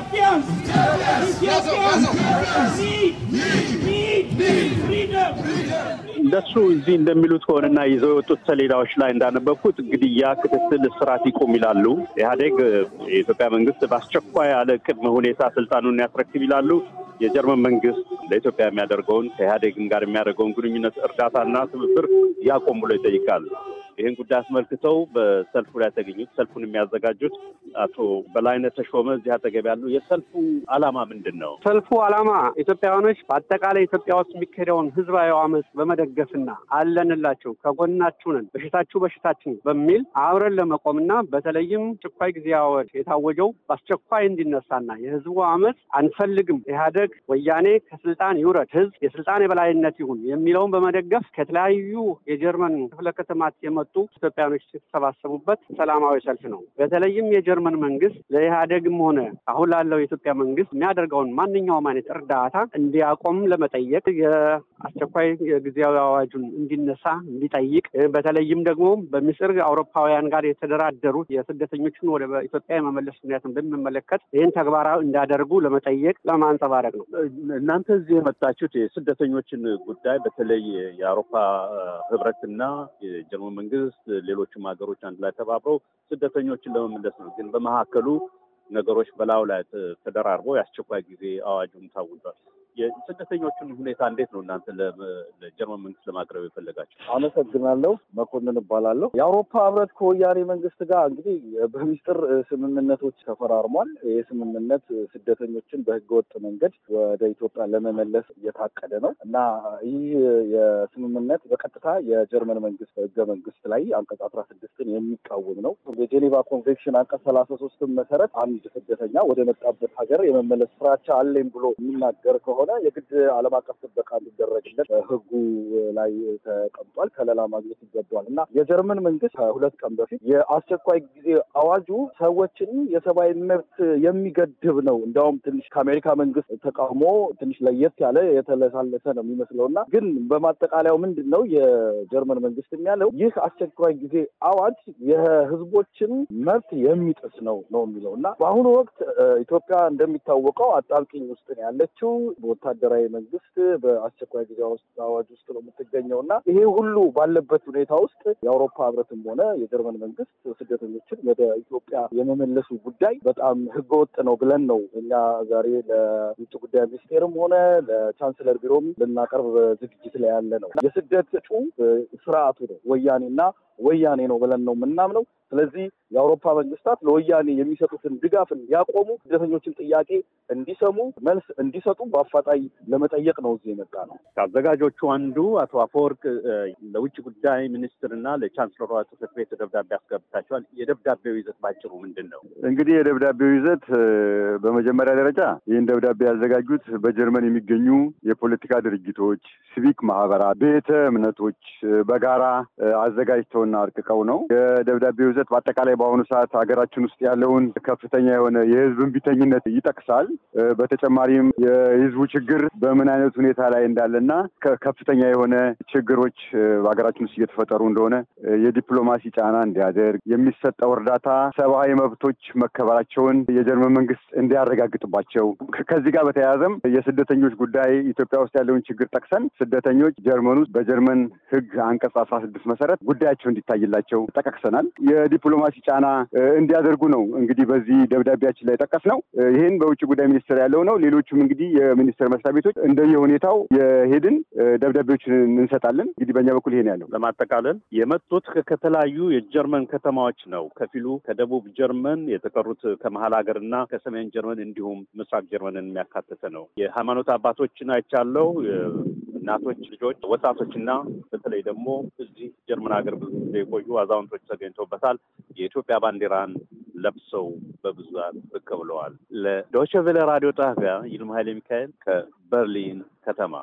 Ethiopians, እንደሱ እዚህ እንደሚሉት ከሆነና ይዘው የወጡት ሰሌዳዎች ላይ እንዳነበብኩት ግድያ፣ ክትትል፣ ስራት ይቁም ይላሉ። ኢህአዴግ የኢትዮጵያ መንግስት በአስቸኳይ ያለ ቅድመ ሁኔታ ስልጣኑን ያስረክብ ይላሉ። የጀርመን መንግስት ለኢትዮጵያ የሚያደርገውን ከኢህአዴግም ጋር የሚያደርገውን ግንኙነት እርዳታና ትብብር ያቆም ብሎ ይጠይቃል። ይህን ጉዳይ አስመልክተው በሰልፉ ላይ የተገኙት ሰልፉን የሚያዘጋጁት አቶ በላይነት ተሾመ እዚህ አጠገብ ያሉ የሰልፉ አላማ ምንድን ነው? ሰልፉ አላማ ኢትዮጵያውያኖች በአጠቃላይ ኢትዮጵያ ውስጥ የሚካሄደውን ህዝባዊ አመፅ በመደገፍና አለንላቸው ከጎናችሁ ነን፣ በሽታችሁ በሽታችን በሚል አብረን ለመቆምና በተለይም አስቸኳይ ጊዜ አዋጅ የታወጀው በአስቸኳይ እንዲነሳና የህዝቡ አመፅ አንፈልግም፣ ኢህአደግ ወያኔ ከስልጣን ይውረድ፣ ህዝብ የስልጣን የበላይነት ይሁን የሚለውን በመደገፍ ከተለያዩ የጀርመን ክፍለ ከተማት የመጡ የመጡ ኢትዮጵያኖች የተሰባሰቡበት ሰላማዊ ሰልፍ ነው። በተለይም የጀርመን መንግስት ለኢህአዴግም ሆነ አሁን ላለው የኢትዮጵያ መንግስት የሚያደርገውን ማንኛውም አይነት እርዳታ እንዲያቆም ለመጠየቅ የአስቸኳይ የጊዜያዊ አዋጁን እንዲነሳ እንዲጠይቅ፣ በተለይም ደግሞ በሚስጥር አውሮፓውያን ጋር የተደራደሩት የስደተኞችን ወደ ኢትዮጵያ የመመለስ ምክንያትን በሚመለከት ይህን ተግባራዊ እንዲያደርጉ ለመጠየቅ ለማንጸባረቅ ነው። እናንተ እዚህ የመጣችሁት የስደተኞችን ጉዳይ በተለይ የአውሮፓ ህብረትና የጀርመን መንግስት መንግስት፣ ሌሎችም ሀገሮች አንድ ላይ ተባብረው ስደተኞችን ለመመለስ ነው። ግን በመካከሉ ነገሮች በላዩ ላይ ተደራርበው የአስቸኳይ ጊዜ አዋጁም ታውጇል። የስደተኞቹን ሁኔታ እንዴት ነው እናንተ ለጀርመን መንግስት ለማቅረብ የፈለጋቸው? አመሰግናለሁ። መኮንን እባላለሁ። የአውሮፓ ህብረት ከወያኔ መንግስት ጋር እንግዲህ በሚስጥር ስምምነቶች ተፈራርሟል። ይህ ስምምነት ስደተኞችን በህገወጥ መንገድ ወደ ኢትዮጵያ ለመመለስ እየታቀደ ነው እና ይህ የስምምነት በቀጥታ የጀርመን መንግስት ህገ መንግስት ላይ አንቀጽ አስራ ስድስትን የሚቃወም ነው። የጄኔቫ ኮንቬንሽን አንቀጽ ሰላሳ ሶስትን መሰረት አንድ ስደተኛ ወደ መጣበት ሀገር የመመለስ ፍራቻ አለኝ ብሎ የሚናገር ከሆነ ከሆነ የግድ ዓለም አቀፍ ጥበቃ እንዲደረግለት ህጉ ላይ ተቀምጧል። ከለላ ማግኘት ይገባዋል እና የጀርመን መንግስት ከሁለት ቀን በፊት የአስቸኳይ ጊዜ አዋጁ ሰዎችን የሰብአዊ መብት የሚገድብ ነው። እንዲያውም ትንሽ ከአሜሪካ መንግስት ተቃውሞ ትንሽ ለየት ያለ የተለሳለሰ ነው የሚመስለው እና ግን በማጠቃለያው ምንድን ነው የጀርመን መንግስት የሚያለው ይህ አስቸኳይ ጊዜ አዋጅ የህዝቦችን መብት የሚጥስ ነው ነው የሚለው እና በአሁኑ ወቅት ኢትዮጵያ እንደሚታወቀው አጣብቂኝ ውስጥ ነው ያለችው። ወታደራዊ መንግስት በአስቸኳይ ጊዜ አዋጅ ውስጥ ነው የምትገኘው እና ይሄ ሁሉ ባለበት ሁኔታ ውስጥ የአውሮፓ ህብረትም ሆነ የጀርመን መንግስት ስደተኞችን ወደ ኢትዮጵያ የመመለሱ ጉዳይ በጣም ህገወጥ ነው ብለን ነው እኛ ዛሬ ለውጭ ጉዳይ ሚኒስቴርም ሆነ ለቻንስለር ቢሮም ልናቀርብ ዝግጅት ላይ ያለ ነው። የስደት እጩ ስርዓቱ ነው ወያኔና ወያኔ ነው ብለን ነው የምናምነው። ስለዚህ የአውሮፓ መንግስታት ለወያኔ የሚሰጡትን ድጋፍን ያቆሙ፣ ስደተኞችን ጥያቄ እንዲሰሙ መልስ እንዲሰጡ በአፋ አፋጣኝ ለመጠየቅ ነው እዚህ የመጣ ነው። ከአዘጋጆቹ አንዱ አቶ አፈወርቅ ለውጭ ጉዳይ ሚኒስትርና ለቻንስለሯ ጽሕፈት ቤት ደብዳቤ አስገብታቸዋል። የደብዳቤው ይዘት ባጭሩ ምንድን ነው? እንግዲህ የደብዳቤው ይዘት በመጀመሪያ ደረጃ ይህን ደብዳቤ ያዘጋጁት በጀርመን የሚገኙ የፖለቲካ ድርጅቶች፣ ሲቪክ ማህበራት፣ ቤተ እምነቶች በጋራ አዘጋጅተውና አርቅቀው ነው። የደብዳቤው ይዘት በአጠቃላይ በአሁኑ ሰዓት ሀገራችን ውስጥ ያለውን ከፍተኛ የሆነ የህዝብ እምቢተኝነት ይጠቅሳል። በተጨማሪም የህዝቡ ችግር በምን አይነት ሁኔታ ላይ እንዳለና ከፍተኛ የሆነ ችግሮች በሀገራችን ውስጥ እየተፈጠሩ እንደሆነ የዲፕሎማሲ ጫና እንዲያደርግ የሚሰጠው እርዳታ ሰብአዊ መብቶች መከበራቸውን የጀርመን መንግስት እንዲያረጋግጥባቸው ከዚህ ጋር በተያያዘም የስደተኞች ጉዳይ ኢትዮጵያ ውስጥ ያለውን ችግር ጠቅሰን ስደተኞች ጀርመን ውስጥ በጀርመን ህግ አንቀጽ አስራ ስድስት መሰረት ጉዳያቸው እንዲታይላቸው ጠቀቅሰናል። የዲፕሎማሲ ጫና እንዲያደርጉ ነው እንግዲህ በዚህ ደብዳቤያችን ላይ ጠቀስ ነው። ይህን በውጭ ጉዳይ ሚኒስቴር ያለው ነው። ሌሎቹም እንግዲህ ሚኒስቴር መስሪያ ቤቶች እንደየ ሁኔታው የሄድን ደብዳቤዎችን እንሰጣለን። እንግዲህ በእኛ በኩል ይሄን ያለው ለማጠቃለል የመጡት ከተለያዩ የጀርመን ከተማዎች ነው። ከፊሉ ከደቡብ ጀርመን፣ የተቀሩት ከመሀል ሀገርና ከሰሜን ጀርመን እንዲሁም ምስራቅ ጀርመንን የሚያካተተ ነው። የሃይማኖት አባቶችን አይቻለው። እናቶች፣ ልጆች፣ ወጣቶችና በተለይ ደግሞ እዚህ ጀርመን ሀገር ብዙ ጊዜ የቆዩ አዛውንቶች ተገኝተውበታል። የኢትዮጵያ ባንዲራን ለብሰው በብዛት ብቅ ብለዋል። ለዶይቸ ራዲዮ ጣቢያ ይልማ ኃይለ ሚካኤል ከበርሊን ከተማ